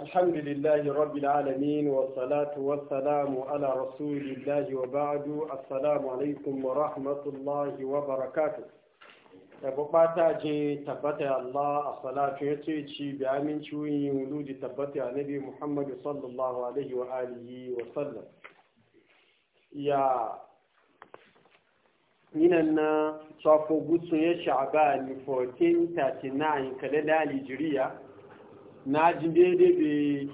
الحمد لله رب العالمين والصلاة والسلام على رسول الله وبعد السلام عليكم ورحمة الله وبركاته تبقى تبتع الله الصلاة يتيجي بأمين شوي ولود تبتع نبي محمد صلى الله عليه وآله وسلم يا من أن صفو بوسو يشعبان 1439 كالدالي جريه na ji daidai da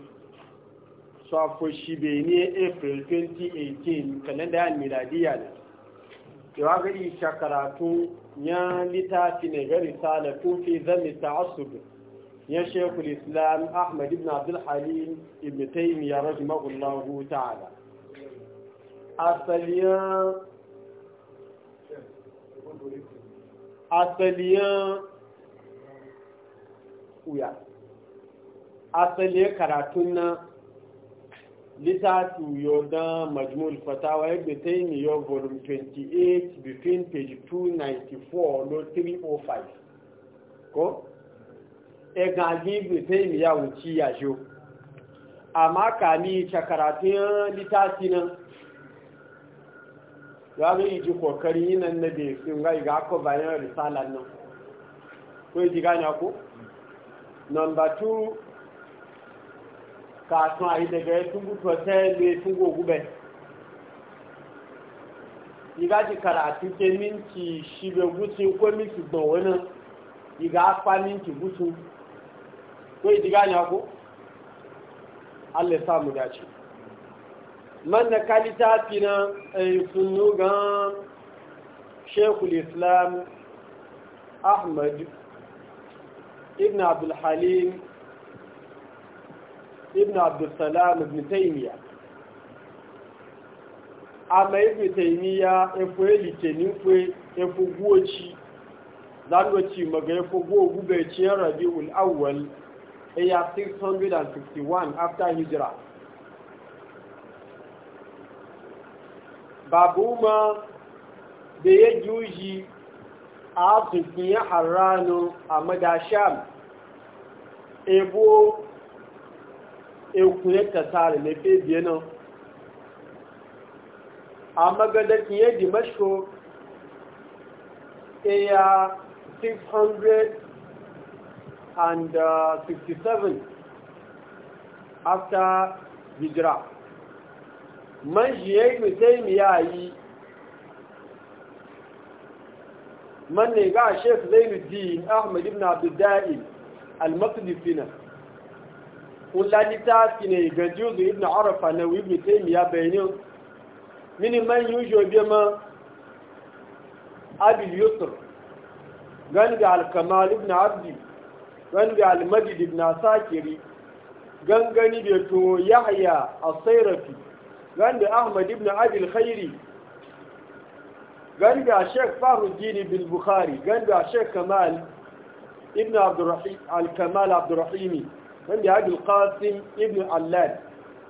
safo shi bai ne april 2018 kalenda yan miladiya ne wa gari shakaratu ya littafi ne gari tun fi zami bi ya shekul islam ahmad ibn abdul halim ibn taymiya rahimahullahu ta'ala asaliyan asaliyan asali ya karatu na litatu yo dan majmul fatawa ya ni yau volume 28 between page 294 no 305 ko e ga ni ya wuci ya jo amma kami ta karatun litati nan ya ga yi ji kokarin yi nan na da ya fi ngai ga ko bayan risalan nan ko yi ji gani ako number 2 kàtún àìdẹ̀gẹ̀ túnbùtù ọ̀tẹ́ lè túnbù ògúbẹ̀ ìgájì kàrà àti tẹ mìntì ṣíbẹ̀ gútù kó mìntì gbọ̀n wọ́n náà ìgá apá mìntì gútù kó ìdígá ní ọkú alẹ́ sáàmù dájú mọ́nà kálítà fi na ẹ̀yìnfúnnú eh, gan sheikhul islam ahmad ibn abdulhalim ibn abdulsalam ibn taimiyya ama ibn taimiyya efo elike nife efo guoci zanwaci maga efo guo gube ciyar rabi'ul awwal iya 661 after hijira babu ma da ya juji a tukin ya harano a madasham ebo ekun ya kasar ne fe biye nan a magadakin ya dimashko iya 667 after hijira man shi ya yi mutaimi ya yi man ne ga shek zainuddin ahmad ibn abdullahi al-maqdisina ولاني تاسكيني جندوز ابن عرفه نو ابن تيميه بينو من من يوجو بيما ابي اليسر غنبي على كمال ابن عبدي غنبي على مجد ابن عساكري غنغني بيتو يحيى الصيرفي غنبي احمد ابن عبد الخيري غنبي الشيخ فاهر الدين بالبخاري غنبي الشيخ كمال ابن عبد الرحيم الكمال عبد الرحيمي wanda ya abul qasim ibn allad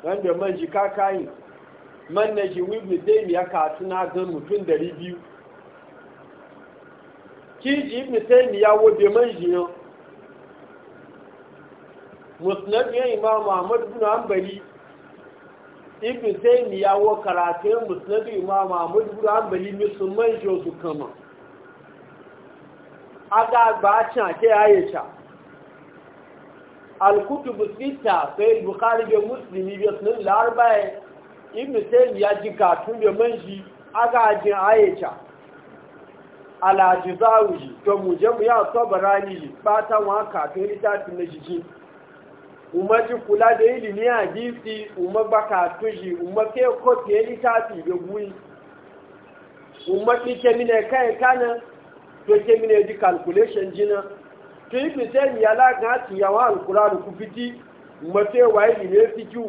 wanda da man jika kayin man na ji ibn ya ka tuna zan mutum 200 ki ji ibn taymiya wo da man ji yo musnad ya imam ahmad ibn hanbali ibn ya wo karatun musnad imam ahmad ibn hanbali musulman jo su kama aga ba can ke ayyata Alkutu sita sai bukhari bai muslimi bai sunan larbaye ibn sayyid ya ji katun bai manji aga jin ayecha alajizawuji to mujamu ya tabarani batan wa katun litafin na jiji umaji kula da ilimi a disi umar katuji umar ke kotu ya littafi da ma umar ɗike mine kai kanan to ke mine di jina tí ibi tẹ́yìn alága ti yàwọn alukuraanu kú fiti mọ̀tẹ́wà ilé fíjú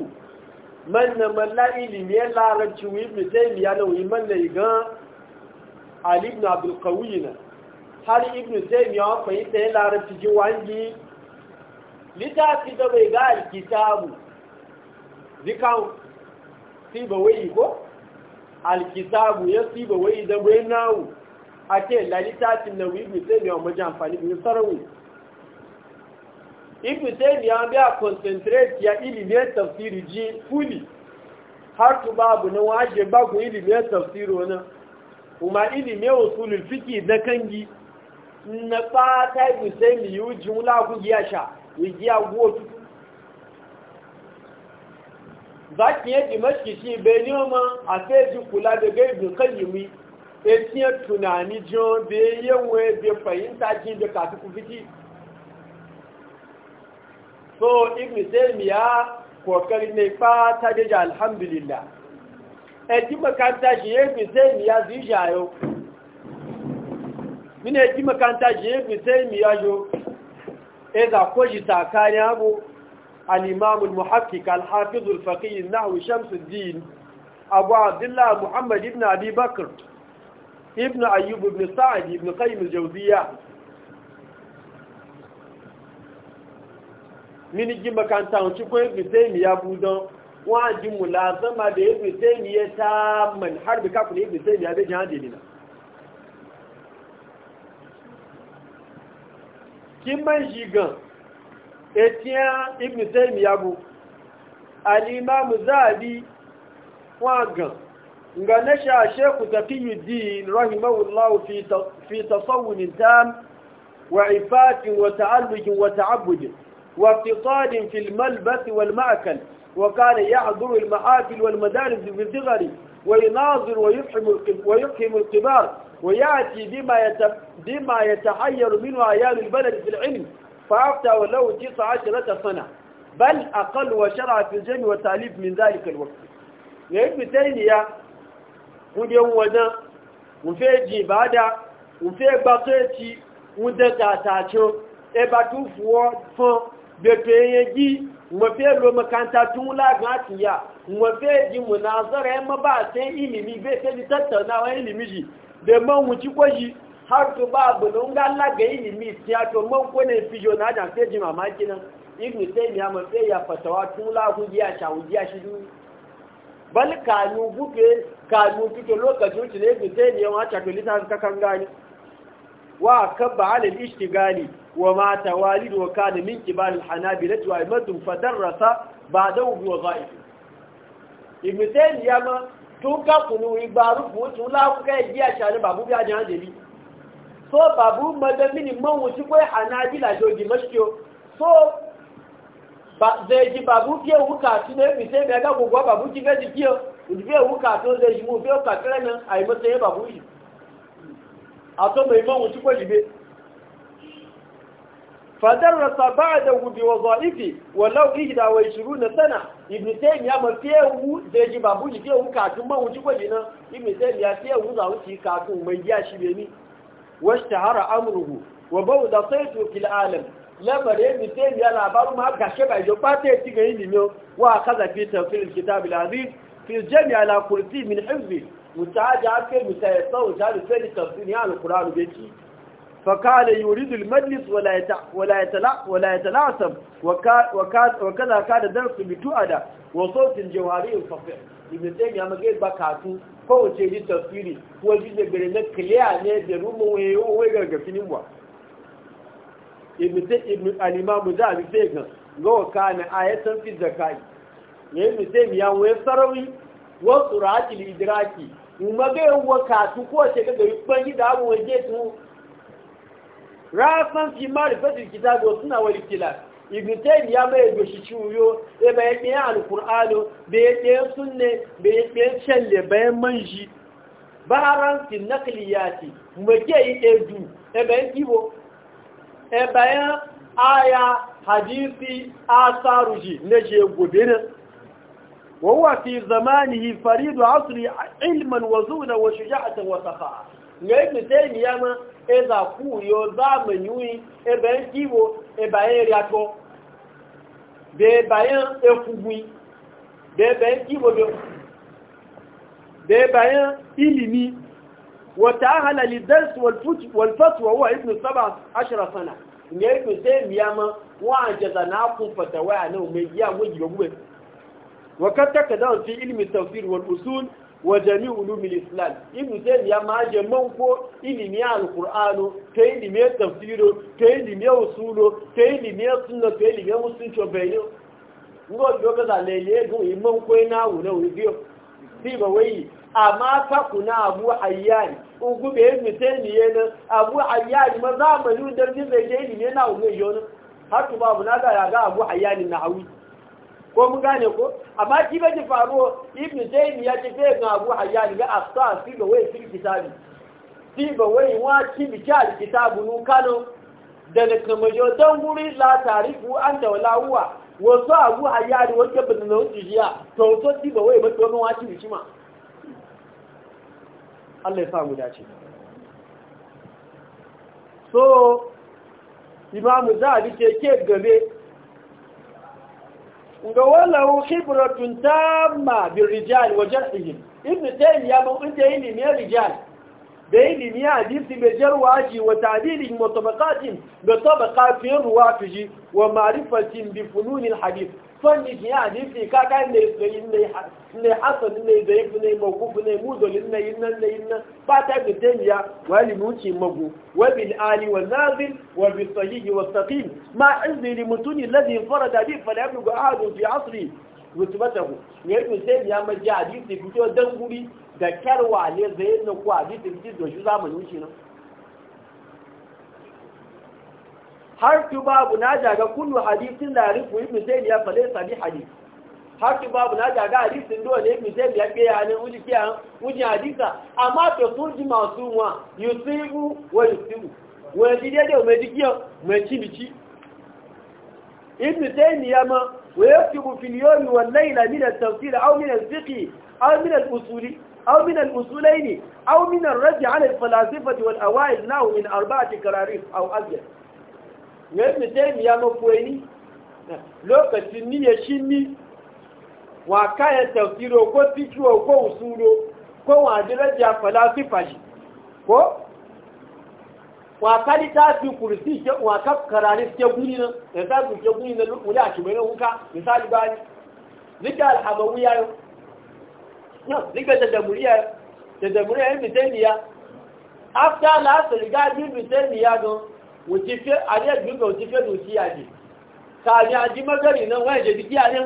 mọ́nà mọ́lá ilé láranci wí ibi tẹ́yìn yana wí mọ́nà igan alibin abdulkawi na har ibi tẹ́yìn yawon fahimta tẹ́yìn laranci ji wangi littafi da bai ga alkitabu dukan siba wayi ko alkitabu ya siba da bai nawu a ce lalita cin na wí ibi tẹ́yìn yawon majan amfani Ibn Taymiyyah biya concentrate ya ilimin tafsiri ji fuli, har tu babu na waje baku ku ilimin tafsiri wani kuma ilimin usulul fiki na kangi na fata Ibn Taymiyyah jumla ku giya sha wigiya go zaki ya dimashki shi bai noma a sai ji kula da gaibin kayyumi e ya tunani jiyo bai yawon bai fahimta ji da kasu ku fiki so ibn taymiya kokari ne fa ta daji alhamdulillah e ji makanta shi ibn taymiya zai jayo mine ji makanta shi ibn taymiya yo e da koji tsakani abu al-imam al-muhaqqiq al-hafiz al-faqih nahwi abu abdullah muhammad ibn abi bakr ibn ayyub ibn sa'd ibn qayyim al mini gi makanta cikin ko ibn taymiya budon waji mulazama da ibn taymiya ta man har bi kafin ibn taymiya da jihadi ne kin man jigan etiya ibn taymiya bu al-imam zabi wagan ga na sha sheku taqiyuddin rahimahullahu fi fi tasawwun tam wa ifatin wata ta'alluq wata ta'abbud واقتصاد في الملبس والمأكل وكان يحضر المحافل والمدارس صغره ويناظر ويفهم ويفهم الكبار ويأتي بما بما يتحير منه عيال البلد في العلم فأفتى ولو تسع عشرة سنة بل أقل وشرع في الجن والتأليف من ذلك الوقت يجب تانية وديون ونا وفي جبادة وفي بقيتي ودتا تاتشو إبا توفوا فون bẹ̀tẹ̀yẹ jí wọ́n fẹ́ lo makanta tun lagun ati ya wọ́n fẹ́ ji munazara ya ma ba se ilimi tata na wa tattaunawa ilimi ji mu man ko kwaji har to ba abu da nga mi ilimi ya to ko ne fi jo na da se ji mamaki nan ibn taymiya ma sai ya wa tun cha u ji a shi du bal kanu buke lo ka lokacin ti ne ni wa cha ke li ta ka kan ni wa ba al ishtigali وما توالد وكان من كبار الحنابلة وإمتهم فدرس بعده بوظائف ابن تيمية ما تنكا قنو إبارو فوتو لا كا يجي عشان بابو بيا جان دبي so babu madamin man wuce kai hanabila jo dimashkiyo so zai ji babu fiye wuka su ne mi sai ga gagogwa babu ki gaji fiye fiye wuka to zai ji mu fiye kakiranin a yi matsayin babu yi فدرس بعده بوظائفه ولو إهدى وعشرون سنه ابن تيميه ما فيه زيجي بابوجي فيه كاتم ما وجي وجينا ابن تيميه فيه وزاوتي كاتم من جاشي بني واشتهر امره وبود صيته في العالم لما ابن تيميه لا لابارو ما جو باتي تي غي ني نو وأخذ في تفسير الكتاب العزيز في الجامع على كرسي من حفظه متعاجع في متعاجع وجال في تفسير يعني القرآن بيتي فقال يريد المجلس ولا يتع ولا يتلع ولا يتلعثم وكذا كان درس بتؤدى وصوت الجوهري الفقير ibn tayyib ya mage ba katu ko wace ji tafsiri ko ji da bere na clear ne da rumo waye waye gargafi nin ba ibn tayyib al-imam da bi sai ga go kana ayatan fi zakai ne ibn tayyib ya waye sarawi wa suratul idraki mu mage wa katu kowace ce ga gari ban gida mu waje tu rahatman fi marifatul kitabi wa sunna wal ihtilaf ibn ya ma yadda shi ciwo e ba yadda ya alqur'ano be yadda ya sunne be yadda ya challe bayan manji ba haran fi naqliyati mu ke yi edu e ba yi kibo e bayan aya hadisi asaruji ne je gobere wa huwa fi zamanihi faridu asri ilman wa zuna wa shuja'atan wa safa'a nga ibn taymiya ma e za ku yo za mu yi e ben kiwo ato de ba yan de de ba e ilimi wa ta'ala li dars wal fut wal fatwa huwa ibn 17 sana nga ibn taymiya ma wa jaza na ku fatawa ne mai ya gugu gugu wa katta kadan fi ilmi wal usul Wajami jami'u ulumil islam ibnu taymiya ma je manko ilimi al alqur'ano ta ilimi tafsiro ta ilimi usulo ta ilimi sunna ta ilimi musulunci bayo ngo joga da lele go imon ko e na wure wure ti ba wai amma fa kuna abu ayyani ugu be ibnu taymiya yana, abu ayyani ma zamanu da zai je ilimi na wure jona har to babu na ga ga abu ayyani na hawi ko mun gane ko amma ki baji faru ibn zayn ya ce sai ga abu hayyan ga afsa fi ga wai fi kitabi fi ga wai wa ki bi ka kitabu nu kano da ne kuma jo dan guri la tarifu an da wala huwa wasu abu hayyan ke bin na jiya to to ki ba wai ba to mun wa ki bi ma Allah ya sa mu dace so imamu za a bi ke gabe ولو خبرة تامة بالرجال وجرحهم ابن تيمية مؤمن تيمية من الرجال بإلمية حديث بجر واجي وتعديل مطبقات بطبقات في الرواقج ومعرفة بفنون الحديث fanni ki ya ni ka ka ne da ne ne hasan ne da fi ne magu ne mudolin ne yin nan ne yin nan ba ta da tanya wali muci magu wa ali wa nazil wa bis sahih wa saqim ma izni li mutuni alladhi farada bi fa la yablu ahadu fi asri rutubatahu ne ibn sayyid ya maji hadisi fito dan guri da karwa ne zai na ku hadisi fito da shi zamanin shi nan har tu babu na jaga kullu hadisin da rifu ibn zayd ya fale sabi hadis har tu babu na jaga hadisin do ne ibn zayd ya ke yanin uji ke an uji hadisa amma to surji masu wa yusibu wa yusibu wa ji dai da mai dikiyo mai cibici ibn zayd ya ma wa yusibu fil yawmi wal layla min at-tafsir aw min al-fiqh aw min al-usuli usulaini, aw min أو من al على wal awaid له min arba'ati كراريس aw أزيد ga ibn taymiya mafuwaini lokacin ni ya shi ni wa kayan tafsiro ko fikiro ko usulo ko wa diraja falasifa shi ko wa kali ta fi kursi ke wa kaf karani ke guni nan da ta su ke guni nan mu ya shi bai nan huka misali ba ni zika alhamawiya yo no zika da damuriya da damuriya ibn taymiya after last riga ibn taymiya don wuce fe a ne gbogbo wuce fe dukiya ne ta ne a ji magari nan wani je dukiya ne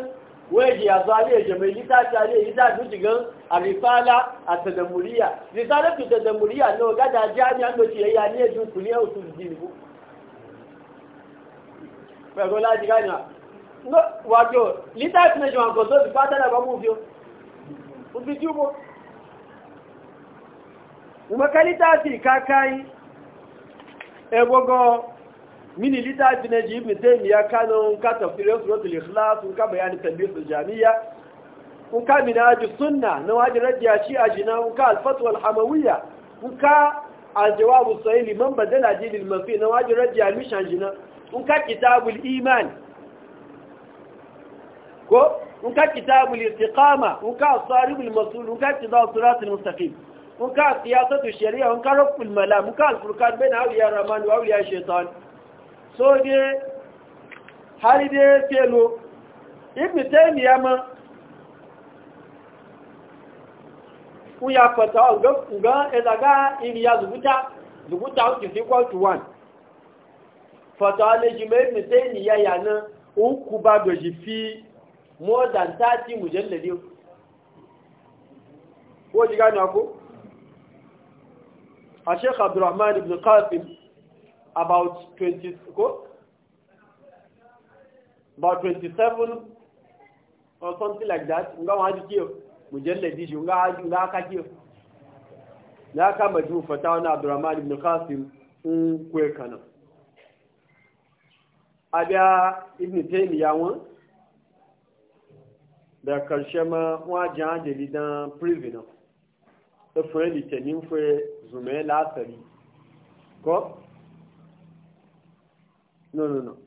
wani je ya a ne je mai lita ta ne lita duki gan a risala a tadamuriya risala tu tadamuriya ne ga da ji an yanzu ce ya ne ju ku ne su ji ne ku fẹ́gbọ́n láti gáyìn wájọ́ lítà ìpínlẹ̀jọ́ àkọ́ tó ti pátẹ́lẹ̀ bá mú fi ó fi tí ó mọ́ ìmọ̀kẹ́ lítà sí ebogo mini littafi na jibi taimiya kanon ka tafsirin suratul ikhlas ka bayanin tabbisul jami'a kun ka minaju ka alfatu alhamawiyya kun ka aljawabu sahili ko kun ka kitabul istiqama kun ka saribul masul kun ka kitabul siratul mustaqim mun ka siyasatu shari'a mun ka rabbul mala mun ka alfurkan bai na auliya rahman wa auliya shaitan so ne har dai telo ibn taymiya ma kun ya fata ga ga ezaga iliya zubuta zubuta which is equal to 1 fata ne jime ibn taymiya yana uku ba doji fi more than 30 mujalladi ko jiga ni ako a sheikh abdurrahman ibn qasim about 20 go about 27 or something like that nga wa ji kiyo mujalladi shi nga haji nga aka kiyo na aka majmu fatawa na abdurrahman ibn qasim in kwe kana abia ibn taymiya won da karshe ma wajen ajali dan prison fure litinin fure zume lasari ko? no no no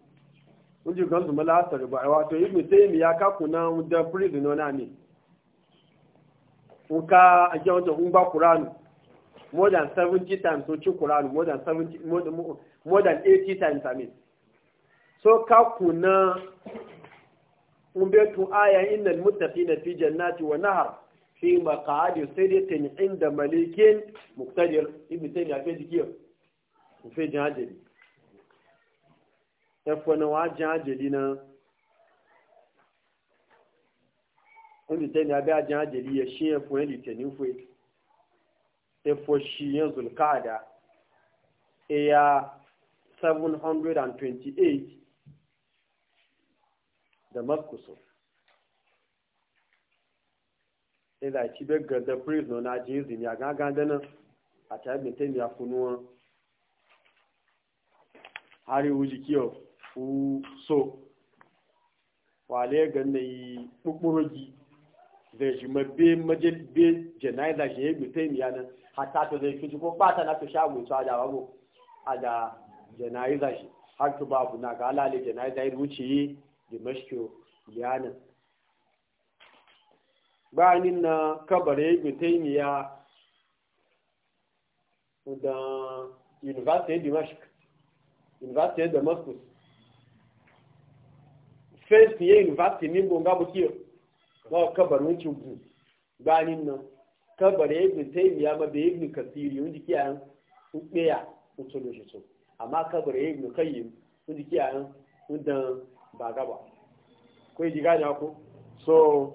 wujin kan zume lasari ba wato yi mutum ya kakuna da prison na ne nka ajiyar wajen ngba kuranu more than 70 times o ci kuranu more than 70 more than 80 times i mean so kakuna umbetu aya innal na fi jannati wa nahar fi maqadi sidiqin inda malikin muqtadir ibn taymiya fe dikiyo fe jahajeli e fona wa na ibn taymiya be jahajeli ya shi e fona tani fue e fo shi yan zulqada e ya 728 da makusur ila ci be gada prison na ji zini a gaga dana a ta bi ta ya kunuwa hari wuji kiyo fu so wale na yi kukkurogi da be mabbe majalbe janaiza shi je bi ta ya na hata to zai fiji ko bata na to sha mu a da babu a da janaiza har to babu na ga alale janaiza yi wuce yi dimashkiyo yanan bayanin na kabare gutaimiya da university of damascus university of damascus first year university ni bonga bukiyo wa kabar wuce gu bayanin na kabare gutaimiya ma da ibn kasiri wanda kiyayen ɗaya mutu da shi so amma kabare ibn kayyim wanda kiyayen wanda ba gaba ko yi jiga ko so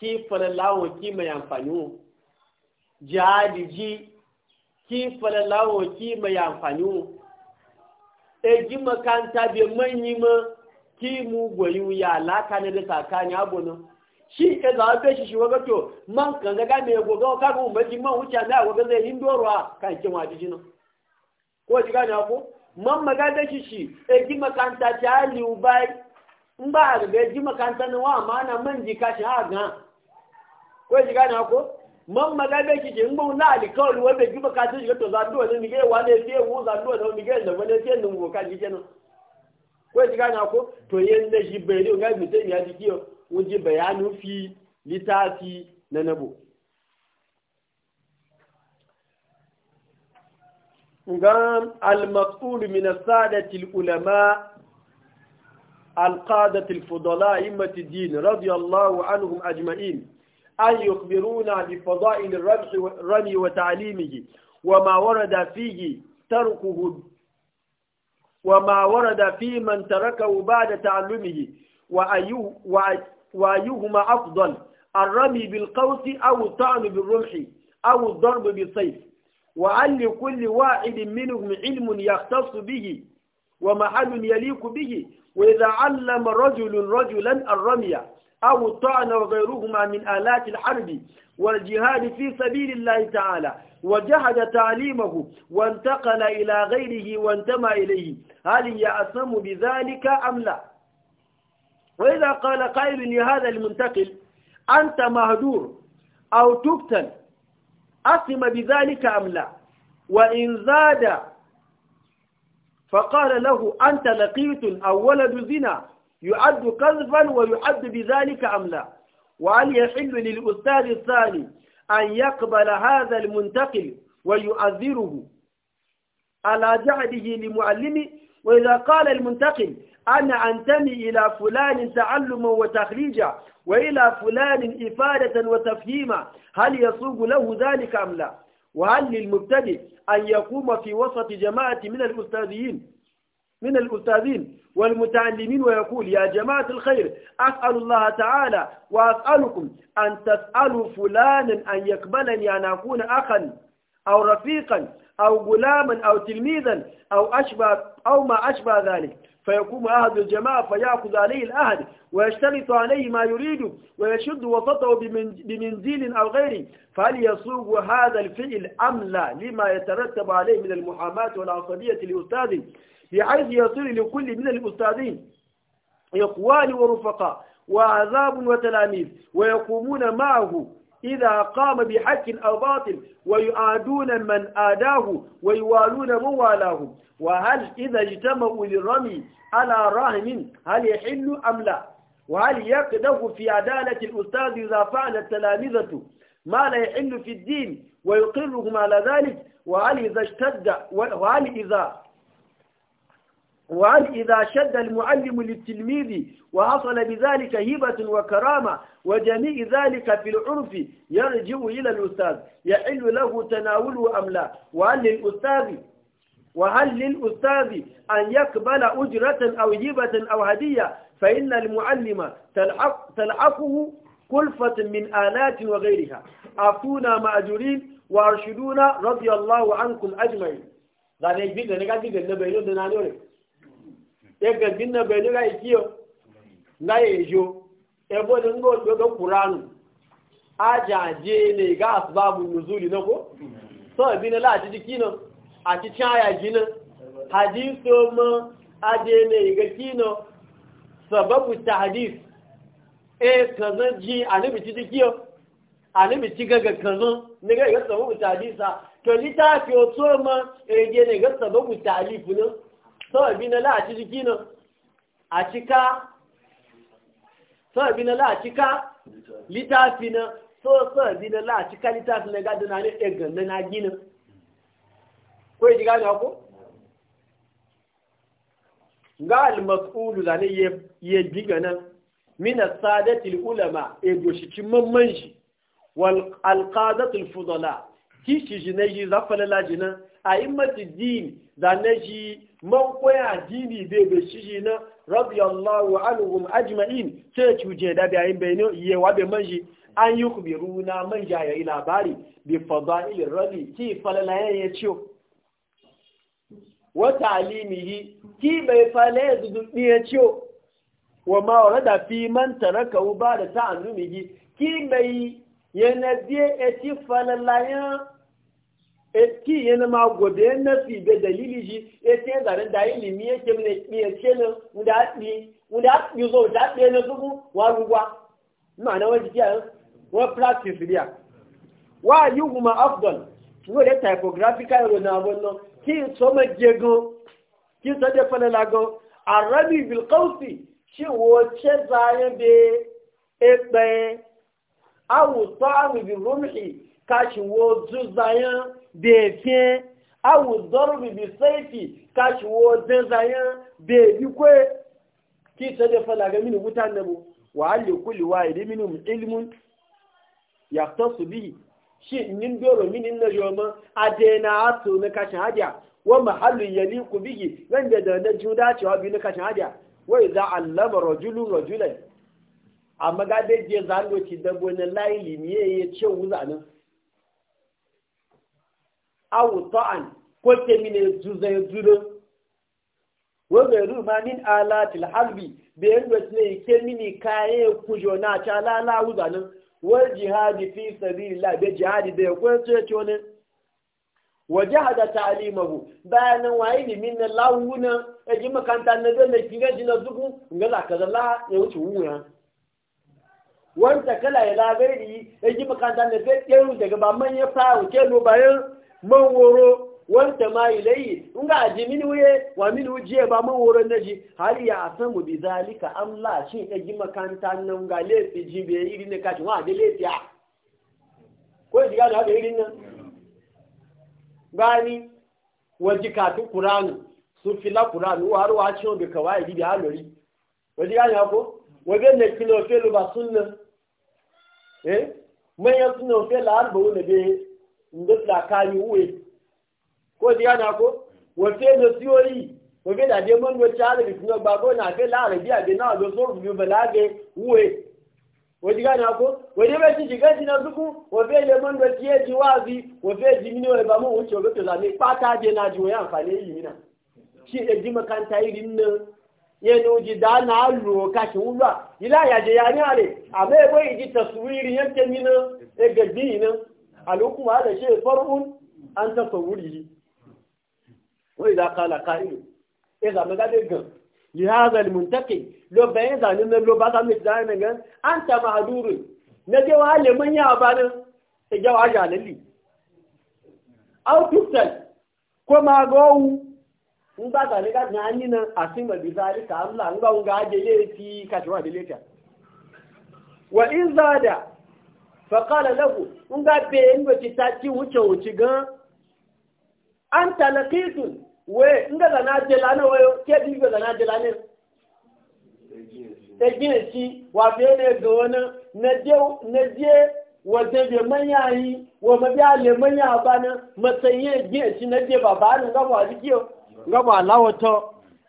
ki lawo ki mai amfani wo jihadi ji ki ki mai amfani wo eji makanta bi manyi ma ki mu goyi ya laka ne da tsakani abu shi ke za a shi shi waga man kan ga ga mai goga ka ga umarci man wuce da waga zai yin doruwa kan kin wa jiji nan ko ji gane abu man maga da shi shi e eji makanta ta liu bai in ba a ga eji makanta na wa amana man ji kashi a gana. ko shiga na ko man magabe ki ke ngbo na ali ko ruwa be giba ka shiga to zando ne nige wa ne sai wu zando ne nige da wani sai nun go kan jike no ko shiga na ko to da shi be ne ga a sai ya dikiyo wuji bayanu fi litafi na nabo ngam al-maqtul min as-sadati al-ulama al-qadati al-fudala immati din radiyallahu anhum ajma'in أن يخبرونا بفضائل الرمي وتعليمه وما ورد فيه تركه وما ورد في من تركه بعد تعلمه وأيهما أفضل الرمي بالقوس أو الطعن بالرمح أو الضرب بالسيف وأن لكل واحد منهم علم يختص به ومحل يليق به وإذا علم رجل رجلا الرمي أو الطعن وغيرهما من آلات الحرب والجهاد في سبيل الله تعالى وجحد تعليمه وانتقل إلى غيره وانتمى إليه هل يأسم بذلك أم لا وإذا قال قائل لهذا المنتقل أنت مهدور أو تقتل أثم بذلك أم لا وإن زاد فقال له أنت لقيت أو ولد زنا يعد كذبا ويعد بذلك أم لا وهل يحل للأستاذ الثاني أن يقبل هذا المنتقل ويؤذره على جعله لمعلمه وإذا قال المنتقل أنا أنتمي إلى فلان تعلما وتخريجا وإلى فلان إفادة وتفهيما هل يصوب له ذلك أم لا وهل للمبتدئ أن يقوم في وسط جماعة من الأستاذين من الأستاذين والمتعلمين ويقول يا جماعة الخير أسأل الله تعالى وأسألكم أن تسألوا فلانا أن يقبلني أن أكون أخا أو رفيقا أو غلاما أو تلميذا أو أشبه أو ما أشبه ذلك فيقوم أحد الجماعة فيأخذ عليه الأهد ويشترط عليه ما يريد ويشد وسطه بمنزيل أو غيره فهل يصوغ هذا الفعل أم لا لما يترتب عليه من المحاماة والعصبية لأستاذه بحيث يصير لكل من الأستاذين إخوان ورفقاء وعذاب وتلاميذ ويقومون معه إذا قام بحق أو باطل ويعادون من آداه ويوالون من والاه وهل إذا اجتمعوا للرمي على راهم هل يحل أم لا وهل يقدف في عدالة الأستاذ إذا فعل التلامذة ما لا يحل في الدين ويقرهم على ذلك وهل إذا اشتد وهل إذا وهل إذا شد المعلم للتلميذ وحصل بذلك هبة وكرامة وجميع ذلك في العرف يرجع إلى الأستاذ يحل له تناوله أم لا وهل للأستاذ وهل للأستاذ أن يقبل أجرة أو هبة أو هدية فإن المعلم تلعقه كلفة من آلات وغيرها أعطونا مأجورين وأرشدونا رضي الله عنكم أجمعين. ذلك نبيلون ẹgbẹ̀ dínà bẹ̀rẹ̀ láì kí ọ láì èjò ẹgbọ́ ni ń gbọ́ ọ̀dọ́ kùránù ajàjé ní ìgá àsìbáàbù nùzúlì náà kó sọ ìbínú ní ìgá kínà sababu tahdif e kaza ji anibi ti di kíọ anibi ti kaza kazan ga sababu fi e, ga sababu sababi na la a cika na la a cika na so ebi na na na na gina ko yi gane ko ga al-mas'ulu da ne ya bi nan min as-sadati ulama e goshi cin mamman shi wal alqadatu a yi mati dini da na shi man koya dini bai bai shi shi na rabbi allahu anhum ajma'in sai cuje da bai yin bai ne wa bai man shi an yi biru na man ja ya yi labari bi fada'il rabbi ki falalayen ya ciwo wa ta'limihi ki bai falaye zuzuɗi ya ciwo wa ma warada fi man taraka ba da ta'annumihi ki bai yana biye ya ci falalayen eti yana ma gobe na fi da dalili shi eti ya e zaren da ilimi yake e mune kiyarce nan wanda haɗi wanda haɗi zo da haɗi na zubu wa ruwa ma'ana wani jiya wani practice biya wa yi kuma afdol wo le typographical error na abun nan ki so ma je gan ki so de fana la gan arabi bil qawsi shi wo che zaye be epe awu ta'am bil rumhi kashiwo zuzayen befiye awu zorbi bi saifi wo zuzayen bebi kwe ki sai da ga mini wuta na bu wa alli kulli wa idi minum ilmun yaqtasu bi shi nin doro mini na yoma adena atu na kashin hadiya wa mahallu yaliku bihi wanda da na juda cewa bi na kashin hadiya wa idza allama rajulu rajulan amma ga da je zango ki dabo na layi ne ya ce wuzanin awu ta'an ko temine zuzai zuro wanda ru ma min til halbi be en su ne ke mini kayan kujo na ta lalawu zanen wal jihad fi sabilillah da jihadi da ya kwace ce wani wa jahada ta'limahu nan, wa ilimin na lawuna e ji makanta na da ne kinga jina zuku ga za kaza la e wuce wuya wanda kala ya labari e ji makanta na da ke daga ba manya fa wuce lo bayan man woro wanta ma ilayi in ga aji min wuye wa min wujiye ba man na ji har ya asamu bi zalika am la shi da gi makanta nan ga lefi ji be iri ne kashi wa da lefi a ko ji ga da irin nan gani waji ka tu qur'an su fila qur'an wa har wa ci on bi kawai bi da lori waji ga ya ko waje ne kilo felo ba sunna eh man sunna fela arba wona be ndo tsakani uwe ko diya na ko wafe na siyoyi wafe da de man wacce ala bi kuma babo na fe la arabiya bi na do so bi balage uwe wadi ga na ko wadi ba ci shiga na zuku wafe le man wacce ya ji wazi wafe ji mini wa ba mu wuce wafe za ne fata je na ji waya amfani yi mina shi e da ji makanta irin nan yẹnu jìdá náà lò káṣí wúlò ìlà àyàjẹyà ní àlè àmẹ́ ẹgbẹ́ ìdí tẹ̀sùwírí yẹn tẹ́mi náà ẹgbẹ̀gbìn na alhukum hada shi far'un an tasawwurihi wa idza qala qa'il idza e magade gan li hada al muntaqi lo bayan zanin nan lo ba ka mai zanin gan an anta mahdurun na je wa le mun ya bana ta e jawa jalali aw tuftal ko ma gowu in ba ka ne ka na yi nan a asima bi zalika Allah in ga ga je le ti ka tuwa de le ta wa in zada faƙala lagu in ga bayan wace ta ci wuce wuce gan an talakitun we in ga zana jela na wayo ke bi ga zana jela ne ta gina ci wafe ne ga wani na je wajen bai manya yi wa mabiya le manya ba na matsayin gina ci na je ba ba ni gama wani kiyo gama lawata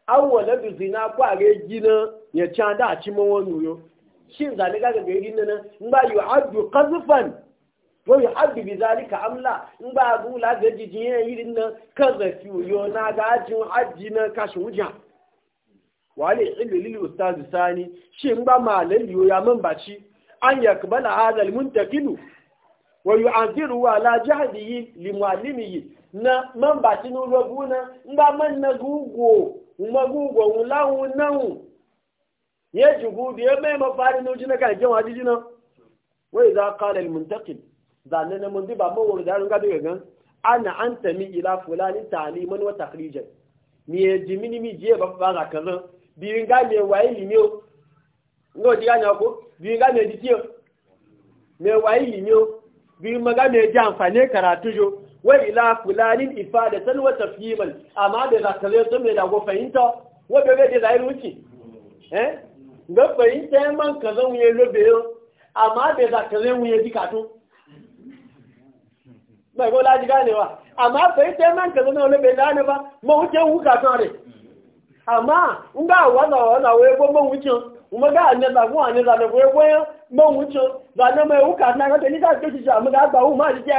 awwala bizina ko a gina ya ci da a ci mawa shin zane ga gari nan in ba yi abdu kazufan ko yi abdu bi zalika amla in ba zu la ga jijin yayi din nan kazafi yo na ga gajin hajji na kashin wuja wale ilmi lil ustaz sani shin ba malal yo ya man baci an yakbala hadha al muntakilu wa yu'adiru ala jahdihi li muallimihi na man baci nu robuna in ba man na gugo kuma gugo lawu nan ya shigo da ya mai mafari na ujina kan jin wajen jina wai za ka da ilmuntaki zane na mun ba mawar da yaron gado gan ana an tami ila fulani taliman wa takrijan ni ya ji mini mi je ba ba za ka zan biyun ga me waye limiyo ngo ji ganya ko biyun ga me dikiyo me waye limiyo biyun maga me ji amfani karatu jo wai ila fulani ifadatan wa tafhiman amma da za ka zan me da go fahimta wa bebe da zai wuce eh nga fahimta ya man kaza wuye lobe yau amma bai za kaza wuye dika to bai ko laji ganewa amma fahimta ya man kaza na lobe gane ba ma wu re amma in ga wanda wanda wuye ko man wuce kuma ga ne za ne za da wuye ko man wuce za wu ni ka ke shi amma ga ba wu ma ji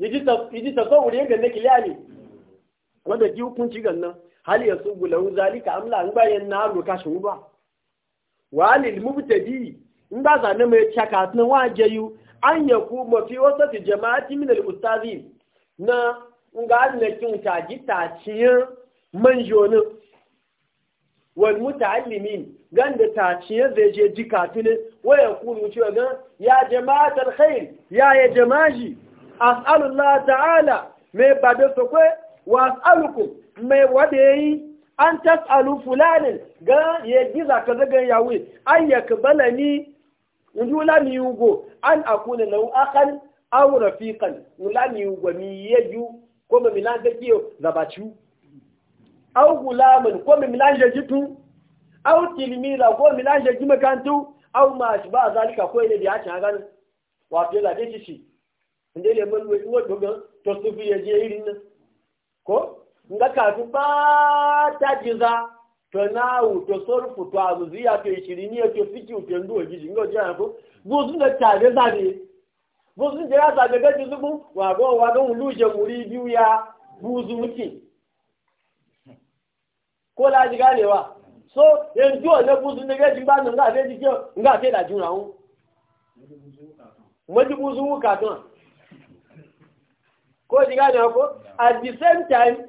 yiji ta yiji ta wuri ga ne wanda ji hal ya lahu zalika am la ngba yen na lo ka ba wa mubtadi in ba za mai chaka tun wa je yu an mafi fi wasati jama'ati min al ustazin na nga ne kin ta ji ta manjonin wal muta'allimin ganda ta ciye zai je jika tuni waya kunu cewa gan ya jama'atar khair ya ya jama'aji as'alullah ta'ala me ba da sokwe wa as'alukum mai wada yi an tasalu fulanin ga ya giza ka zagan yawe an ya kabala ni wula mi yugo an akuna lau akan aw rafiqan wula mi yugo mi yeju ko mi lan da kiyo zabachu aw gulaman ko mi lan da jitu aw tilmila ko mi lan da jimakantu aw ma shi ba zalika ko ne da ya ci hagan wato da dace shi inda le mun wai wato ga to su fi yaje irin ko nga kafi ba ta jiza to nawu to sorfu to azuziya to ishiriniya to fiki to ndu ojiji nga ojira ko gozu da tare zabe gozu da ya zabe ga jizubu wa go wa ga uluje muri biyu ya buzu wuce ko la ji ganewa so yanzu e wannan buzu ne ga jimba nan ga nga sai da jura hu mo ji buzu ka ton ko ji ganewa ko at the same time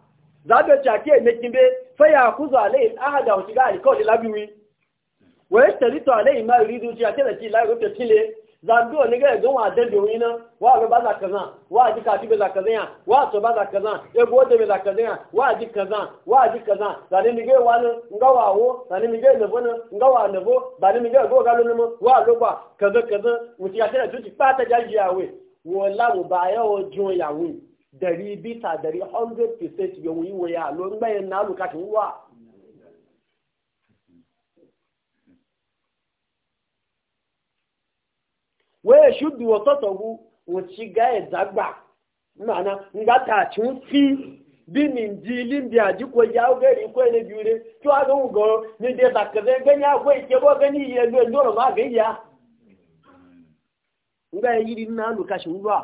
zaɓe cake mekin faya kuzo alayhi ahada wa shiga alkawali labiwi wa ya tari ma yuridu ci ake da ci labiwi ta cile zaɓe wani ga wa wa ba za kazan wa adi kaza ya wa ba za kaza e go da be za kaza ya wa ji kaza wa ji kaza zani mi ga wani ngawa wo zani mi na nabo nan ngawa nabo ba ni go ga lo kaza kaza pata dari bita dari hundred percent yẹn wọ́n yíwọ́ yá ló ń yẹn ń wà. wọ́n wọ́n wọ́n ti ẹ̀dá gbà a ń e e fi bí mi ń di límbi àdínkù ẹja ó bẹ̀rẹ̀ ikú ẹni bí ire tí wọ́n á lóhùn gan ní ìdí ẹ̀ta kẹfẹ́ gbẹ́ni àgọ́ ìjẹ́bọ́ gbẹ́ni ìyẹn ló ẹ̀ lọ́rọ̀ gẹ́ yìí nínú ń lọ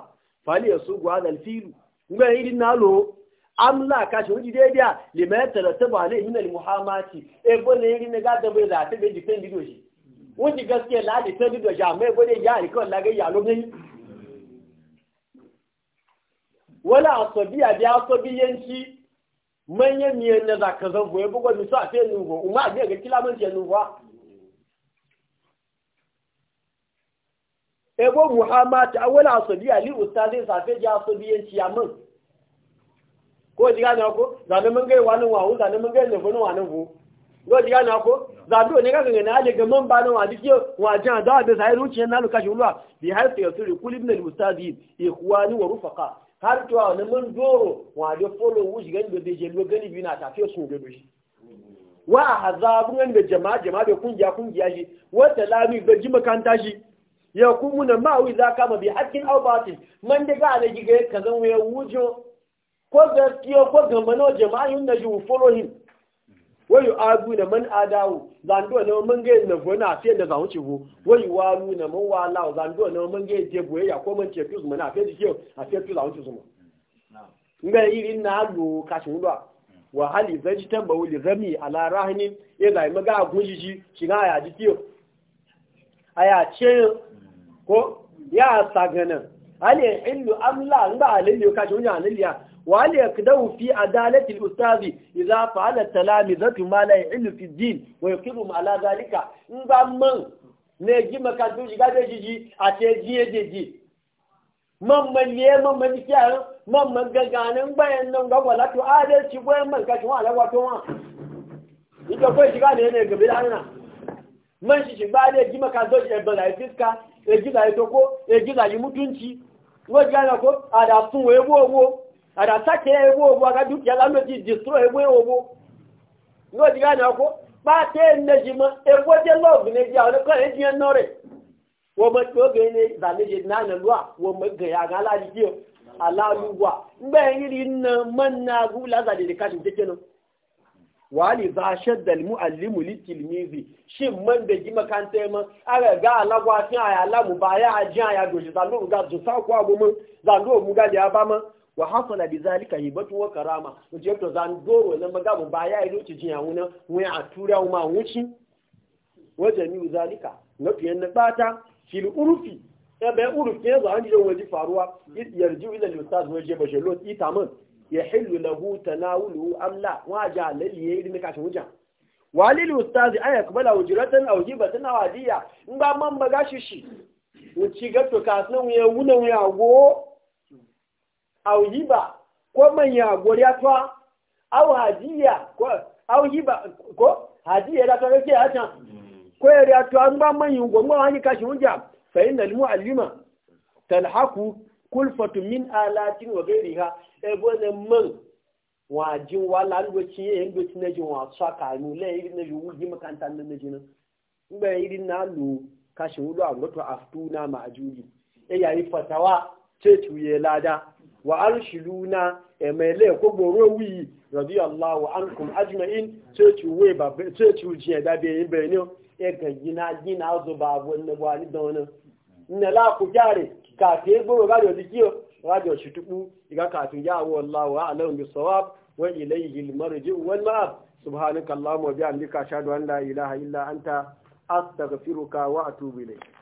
ngbe iri na lo a ka shi wuji dai dia le mai tarataba alai min al muhammati e atebe ne iri ne ga da bai da ta bai depend do shi wuji gaskiya la da ta do ja mai bo dai ya ri kan la ga ya lo gani wala asabiya bi asabiyanci manyan miyan na zaka zan boye bugo mi sa fe ebo muhammad awala asobi ali ustazin safe ji asabiyanci ya min ko ji gane ko zane mun gai wani wahu zane mun gai lefonu wani hu ko ji gane ko zane ne ga gane ale ga man ba na wa dike wa jan da da sai zuciya na luka shi ulwa bi har sai yasuri kul ibn al ustazin ikhwani wa rufaqa har to wani mun doro wa da follow wuji gani da je lo gani bi na tafe su da dushi wa hazabun da jama'a jama'a da kungiya kungiya shi wa talami ga ji makanta shi ya kuma na ma'awi za kama bi hakkin au batil man da ga alaji ga ka zan waya wujo ko gaskiya ko gamano jama'in na ju following wayu abu na man adawu zando na man ga na fo na fe da za wuce go wayu walu na man wala zando na man ga je buwe ya ko man ce zuma na fe dike a fe tu za wuce nga irin na alu kashin ruwa wa hali zajitan bawuli rami ala rahinin ya zai maga gunjiji shiga ya dikiyo aya ce ko ya sagana hali illu amla ngba alili yau kashi wujan aliliya wa hali ya kidau fi adalati ustazi idza fa'ala talamizatu ma la illu fi din wa yaqiru ala zalika ngba man na ji makantu ji da jiji a ce jiye jeji man maliye man malikiya man man gaganin bayan nan ga wala to adalci bayan man kashi wa alawa to wa ita kai shiga ne ne gabe da ana man shi shi ba ne ji makantu ji ebola fiska ejiga ya toko ejiga yi mutunci wọ́n jẹ́ àyàkó àdàfún ewó owó àdàsákẹ́ ewó owó agádùkẹ́ alámẹ́jì destroy ewó owó wọ́n jẹ́ àyàkó pàtẹ́ ẹnẹ́jìmọ́ ewó jẹ́ lọ́ọ̀bù ní ẹjẹ́ ọ̀lẹ́kọ́ ẹjẹ́ ẹnà rẹ̀ wọ́n mọ̀ tí ó gẹ̀ ní ìdàlẹ́jẹ̀ náà wali za shadda almuallimu litilmizi shin man da ji makanta ma aga ga alagwa tin aya la ba ya aji aya goji za ga zu sa kwa mu za lu mu ga ya ba ma wa hasala bizalika hibatu wa karama je to zan doro nan ga mu ba ya ido ci ya wuna mu ya atura mu ma wuci wajen ni zalika na fiyan na bata fil urfi ya ba urfi ya zo an ji waje faruwa yarji ila al-ustaz waje bashalot itaman ya hillu lahu tanawulu am la wa ja lalli yayi ne kashin wujan walil ustazi an yakbala ujratan aw hibatan aw adiya in ba man baga shi shi wuci ga to kasan ya wuna ya go aw hiba ko man ya go ya fa aw hadiya ko aw hiba ko hadiya da to ke hatan ko ya to an ba man yin go ma an kashin wujan fa innal muallima talhaqu kulfatun min alatin wa gairiha ebe na man wa jin wala lokaci yayin lokaci na ji wa saka mu le irin na yuwu ji makanta na jin ngba irin na lu kashi wudu a goto aftuna ma ajuli e ya fatawa ce wa arshiluna e mai le ko goro wi radiyallahu ankum ajma'in ce ba e da be yin be e ga zo ba ni don la ku jare ka te tupu. iga kafin ya wa Allah wa alam bi sawab wa ilayhi al marji wal ma'ab subhanaka allahumma wa bihamdika ashhadu an la ilaha illa anta astaghfiruka wa atubu ilayk